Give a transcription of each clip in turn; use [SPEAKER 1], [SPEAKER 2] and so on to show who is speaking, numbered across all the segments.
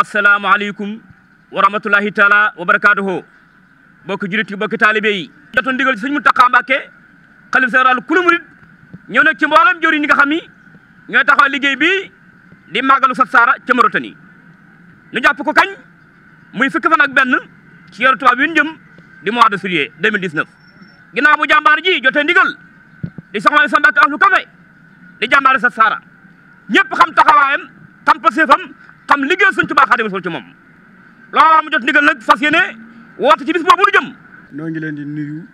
[SPEAKER 1] asalaamaaleykum wa rahmatulahi taala wa barakaatuhu bokk julit yi bokk taalibe ndigal ci sëñ Muntaxa Mbàkke xalif général kulu murit ñëw nag ci mboolem jëwriñ ñi nga xam ni ñooy liggéey bii di màggalu Sarsara ca Mauritanie nu jàpp ko kañ muy fukki fan ak benn ci yoru tubaab yu jëm di mois de juillet 2019 ginnaaw bu jàmbaar ji jotee ndigal di soxna sa Mbàkke ahlu kafe di jàmbaari Sarsara ñëpp xam taxawaayam xam paseefam xam liggéey sëñ Tuubaa Xaadimu Rasuul ci moom loolu mu jot ndigal nag fas yéene woote ci bis boobu nu jëm noo ngi leen di nuyu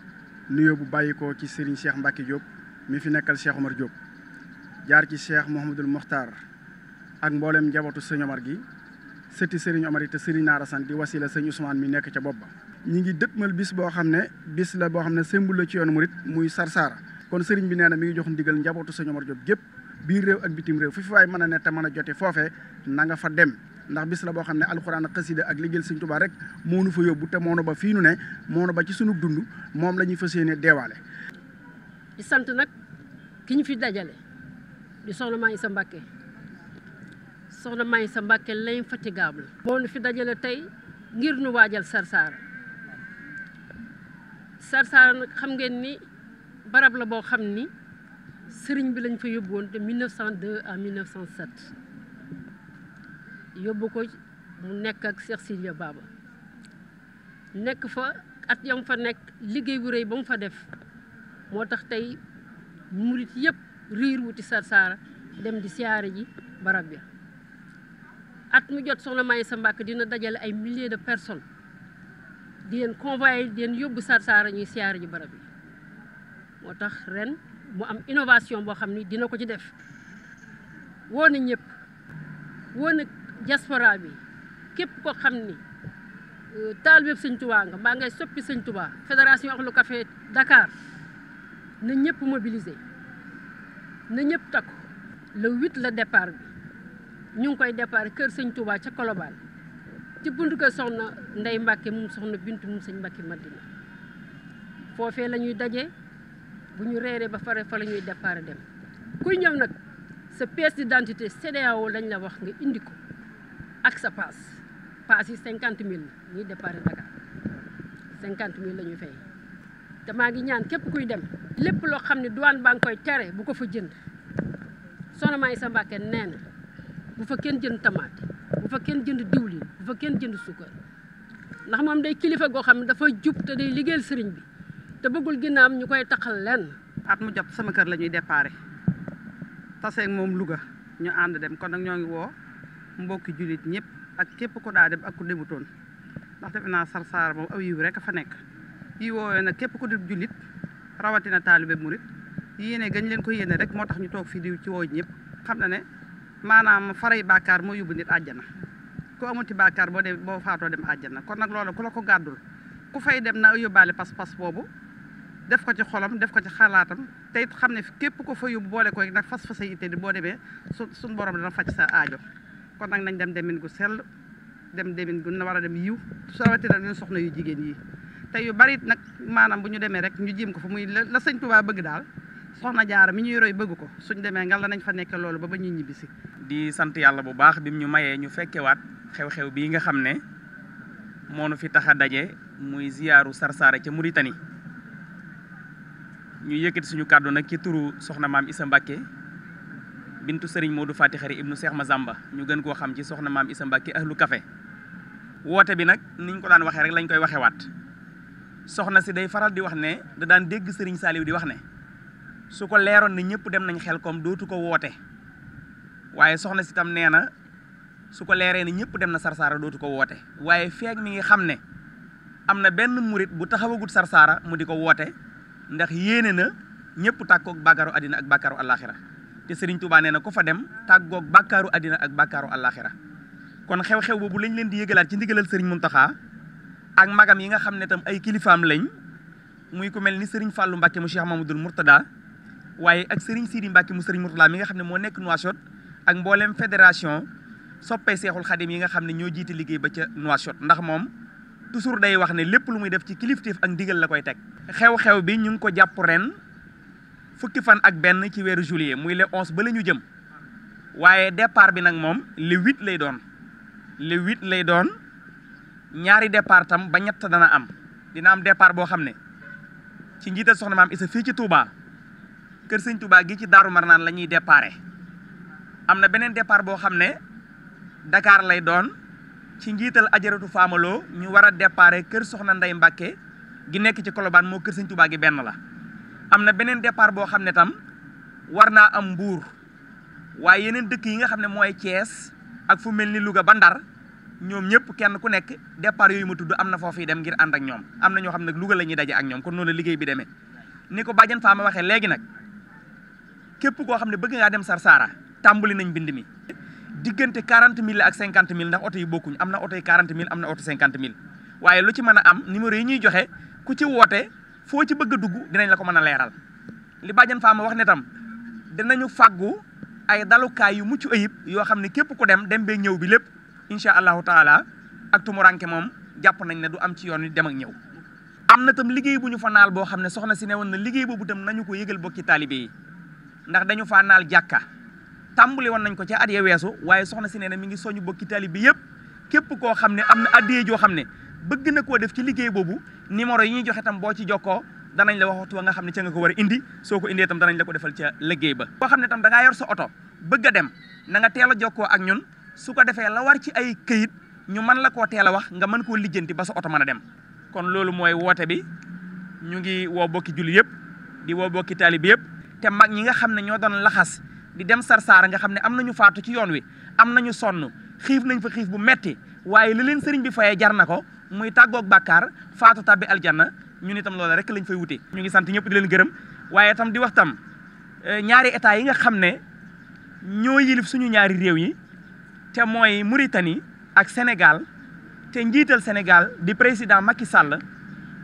[SPEAKER 2] nuyoo bu bàyyi bàyyikoo ci Serigne Cheikh Mbacke Diop mi fi nekkal Cheikh Omar Diop jaar ci Cheikh Mouhamadul Mokhtar ak mboolem njabootu sëñ Omar gi sëti Serigne Omar yi te Serigne Naara sant di wasila sëñ Ousmane mi nekk ca bopp ñu ñi ngi dëkkmal bis boo xam ne bis la boo xam ne sembul la ci yoon murit muy Sarsara kon Serigne bi nee na mi ngi jox ndigal njabootu sëñ Omar Diop gépp biir réew ak bitim réew fu fi waay mën a ne te mën a jote foofe nanga fa dem ndax bis la boo xam ne alxuraan ak xasida ak liggéeyal sëñ Tuubaa rek moo nu fa yóbbu te moo nu ba fii nu ne moo ba ci sunu dund moom la ñuy fas yéene deewaale.
[SPEAKER 3] sant nag ki ñu fi dajale di soxna Maysa Mbàkke soxna Maysa Mbàkke l'infatigable. moo nu fi dajale tey ngir nu waajal Sarsara Sarsara nag xam ngeen ni barab la boo xam ni. sëriñ bi lañ fa yóbbu woon de 1902 à 1907 yóbbu ko mu nekk ak Cheikh Sidia Baba nekk fa at yam fa nekk liggéey bu rëy ba mu fa def moo tax tey murit yëpp riir wuti Sarsara dem di siyaare ji barab bi at mu jot soxna May sa mbàkk dina dajale ay millier de personnes di leen convoyé di yóbbu Sarsara ñuy siyaare ji barab bi moo tax ren mu am innovation boo xam ni dina ko ci def woo na ñëpp woo na diaspora bi képp koo xam ni euh, taalibe sëñ Tuubaa nga mbaa ngay soppi sëñ Tuubaa fédération Ahlou Café Dakar na ñëpp mobiliser na ñëpp takku le huit la départ bi ñu ngi koy départ kër sëñ Tuubaa ca Colobane ci buntu kër soxna Ndey Mbàkke moom soxna Bintu moom sëñ Mbàkke Madina foofee lañuy daje bu ñu reeree ba pare fa la ñuy départ dem kuy ñëw nag sa pièce d'identité CEDEAO lañ la wax nga indi ko ak sa paas paas yi cinquante mille la ñuy départ Dakar cinquante mille la ñuy fay te maa ngi ñaan képp kuy dem lépp loo xam ne douane baa ngi koy tere bu ko fa jënd Soxna Maïssa Mbacké nee na bu fa kenn jënd tamaate bu fa kenn jënd diwlin bu fa kenn jënd suukar ndax moom day kilifa goo xam ne dafa jub te day liggéeyal sëriñ bi te bëggul ginnaam ñu koy taxal leen at mu jot sama kër la ñuy déparé taseeg
[SPEAKER 2] moom Louga ñu ànd dem kon nag ñoo ngi woo mbokki jullit ñëpp ak képp ku daa dem ak ku demutoon ndax defe naa Sarsara moom aw yiw rek fa nekk yi woowee nag képp ku dib jullit rawatina taalibe murit yéene gañ leen ko yéene rek moo tax ñu toog fii di ci woo ñëpp xam na ne maanaam faray bàkkaar moo yóbbu nit àjjana ku amuti bàkkaar boo dem boo faatoo dem àjjana kon nag loolu ku la ko gàddul ku fay dem naa yóbbaale pas-pas boobu def ko ci xolam def ko ci xalaatam tey xam ne képp ko fa yóbbu boole ko nag fas-fas yi itte di boo demee su suñ borom dana faj sa aajo kon nag nañ dem demin gu sell dem demin gu na war a dem yiw soo rawatina leen soxna yu jigéen yi te yu bari nag maanaam bu ñu demee rek ñu jiim ko fa muy la sëñ Tuubaa bëgg daal soxna jaara mi ñuy roy bëgg ko suñ demee ngal la nañ fa nekke loolu ba ba ñuy ñibbisi di sant yàlla bu baax bim ñu mayee ñu waat xew-xew bii nga xam ne moo nu fi tax a daje muy ziyaaru Sarsara ca Mauritanie ñu yëkkati suñu kàddu nag ci turu soxna maam isa Mbacke bintu sëriñ Serigne Modou Fati Xari ibnu Seex Mazamba ñu gën koo xam ci soxna maam Issa Mbacke ahlu kafe woote bi nag niñ ko daan waxee rek lañ koy waat soxna si day faral di wax ne da daan dégg Serigne Saliou di wax ne su ko leeroon ne ñëpp dem nañu xel kom dootu ko woote waaye soxna si tam nee na su ko leeree na ñëpp dem na Sarsara dootu ko woote waaye feeg mi ngi xam ne am na benn murit bu taxawagut Sarsara mu di ko woote. ndax yéene na ñëpp tàggoog bàkkaaru àddina ak bàkkaaru àllaaxira te Serigne Touba nee na ku fa dem tàggoog bàkkaaru àddina ak bàkkaaru àllaaxira kon xew-xew boobu lañ leen di yëgalaat ci ndigalal Serigne Mountakha ak magam yi nga xam ne tam ay kilifaam lañ muy ku mel ni Serigne fàllu Mbacke mu Cheikh Mamadou Mourtada waaye ak Serigne Sidi Mbacke mu Serigne Mourtada mi nga xam ne moo nekk Nouakchott ak mboolem fédération soppee Seexul Xadim yi nga xam ne ñoo jiite liggéey ba ca Nouakchott ndax toujours day wax ne lépp lu muy def ci kilifteef ak ndigal la koy teg. xew-xew bi ñu ngi ko jàpp ren fukki fan ak benn ci weeru juillet muy le onze ba la ñu jëm waaye départ bi nag moom le huit lay doon le huit lay doon ñaari départ tam ba ñett dana am dina am départ boo xam ne ci njiital soxna maam Isa fii ci Touba kër sëñ Touba gi ci Daaru Marnaan la ñuy déparé am na beneen départ boo xam ne dakaar lay doon. ci njiital ajaratu faamaloo ñu war a déparé kër soxna ndey Mbàkke gi nekk ci kolobaan moo kër sëñ Touba gi benn la am na beneen départ boo xam ne tam war naa am mbuur waaye yeneen dëkk yi nga xam ne mooy Thiès ak fu mel ni Louga ba Ndar ñoom ñëpp kenn ku nekk départ yooyu ma tudd am na foofu yi dem ngir ànd ak ñoom am na ñoo xam ne luga la ñuy daje ak ñoom kon noonu liggéey bi demee ni ko bàjjan faama waxee léegi nag képp koo xam ne bëgg ngaa dem Sarsara tàmbali nañ bind mi diggante quarante mille ak cinquante mille ndax oto yi bokkuñ am na oto yi quarante mille am na oto cinquante mille waaye lu ci mën a am numéro yi ñuy joxe ku ci woote foo ci bëgg a dugg dinañ la ko mën a leeral li bàjjan faama wax ne tam dinañu fàggu ay dalukaay yu mucc ayib yoo xam ne képp ku dem dem ñëw bi lépp incha allahu taala ak tumuranke moom jàpp nañ ne du am ci yoon wi dem ak ñëw am na tam liggéey bu ñu fa naal boo xam ne soxna si ne woon na liggéey boobu tam nañu ko yëgal bokki taalibe yi ndax dañu fa naal jàkka tàmbali woon nañ ko ca at ya weesu waaye soxna si nee na mi ngi soñu bokki taalibe bi yëpp képp koo xam ne am na addiye joo xam ne bëgg na koo def ci liggéey boobu numéro yi ñuy joxe tam boo ci jokkoo danañ la wax wa nga xam ne ca nga ko war a indi soo ko indee tam danañ la ko defal ca liggéey ba koo xam ne tam da yor sa oto bëgg a dem na nga teel a jokkoo ak ñun su ko defee la war ci ay këyit ñu mën la koo teel a wax nga mën koo lijjanti ba sa oto mën a dem kon loolu mooy woote bi ñu ngi woo bokki julli yëpp di woo bokki taalibe yëpp te mag ñi nga xam ne ñoo doon laxas di dem Sarsara nga xam ne am nañu faatu ci yoon wi am nañu sonn xiif nañ fa xiif bu metti waaye li leen sëriñ bi fayee jar na ko muy tàggoog bàkkaar faatu tabbi aljanna ñun itam loola rek lañ fay wute. ñu ngi sant ñëpp di leen gërëm waaye itam di wax tam eh, ñaari état yi nga xam ne ñoo yilif suñu ñaari réew yi te mooy Mauritanie ak Sénégal te njiital Sénégal di président Macky Sall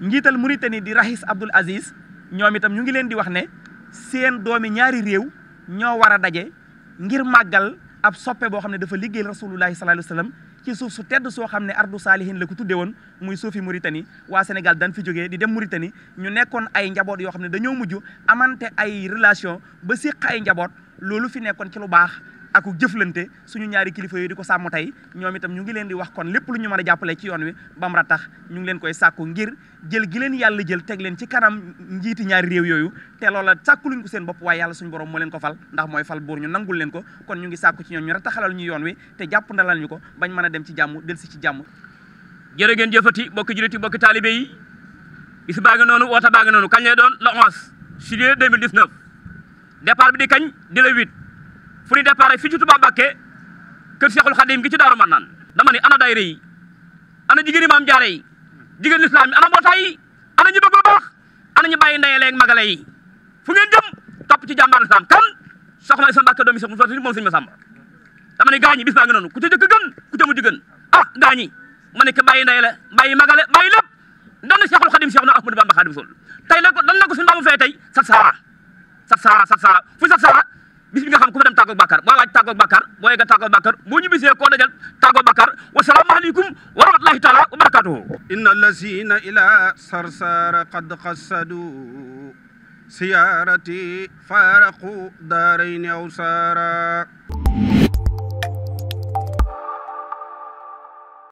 [SPEAKER 2] njiital Mauritanie di Rahis Abdoul Aziz ñoom itam ñu ngi leen di wax ne seen doomi ñaari réew. ñoo war a daje ngir màggal ab soppe boo xam ne dafa liggéey liggéeyal rasulullahi sallallahu alayhi wasallam ci suuf su tedd soo xam ne ardu saalihin la ko tudde woon muy suufi Mauritanie waa Sénégal dañ fi jógee di dem Mauritanie ñu nekkoon ay njaboot yoo xam ne dañoo mujj amante ay relation ba séq ay njaboot loolu fi nekkoon ci lu baax aku jëflante suñu ñaari kilifa yooyu di ko sàmm tey ñoom tam ñu ngi leen di wax kon lépp lu ñu man a jàppale ci yoon wi bam ra ñu ngi leen koy sàkku ngir jël gi leen yàlla jël teg leen ci kanam njiiti ñaari réew yooyu te loola sàkku luñ ko seen bopp waaye yàlla suñ borom moo leen ko fal ndax mooy fal buur ñu nangul leen ko kon ñu ngi sàkku ci ñoom ñu rataxalal ñu yoon wi te jàpp ndalal ñu ko bañ mën a dem ci jàmm del si ci jàmm
[SPEAKER 1] jërë ngeen jëfati bokki juliti bokki taalibe yi bis baa ngi noonu woote baa ngi noonu kañ lay doon le 11 juillet 2019 départ bi di kañ di le fu ñu déparé fii ci Touba Mbacké kër Seexul Xadim gi ci Daaru man dama ni ana daayira yi ana jigéen yi maam jaare yi jigéen lislaam yi ana mbootaay yi ana ñu bëgg lu baax ana ñu bàyyi ndeyaleeg magale yi fu ngeen jëm topp ci jàmbaar lislaam kan soxna sa Mbacké doomi Seex Musaa moom sëñ Masamba dama ne gaañi bis baa ngi noonu ku ca jëkk gën ku ca mujj gën ah gaañi ma ne ko bàyyi ndeyale bàyyi magale bàyyi lépp dan Seexul Xadim Seexuna Ahmadu Bamba Xadim Sol tey la ko dan la ko suñu baamu fee tey sat saara sat saara sat saara fu sat bis bi nga xam ku fa dem tàggoog bàkkaar boo waaj tàggoog bàkkaar boo yegg a tàggoog bàkkaar boo ñu bisee koo dajal tàggoog bàkkaar wasalaamaaleykum wa rahmatulahi taala wa barakatuhu
[SPEAKER 2] inna allazina ila sarsara qad qassadu siyaarati faraqu daarayni aw saara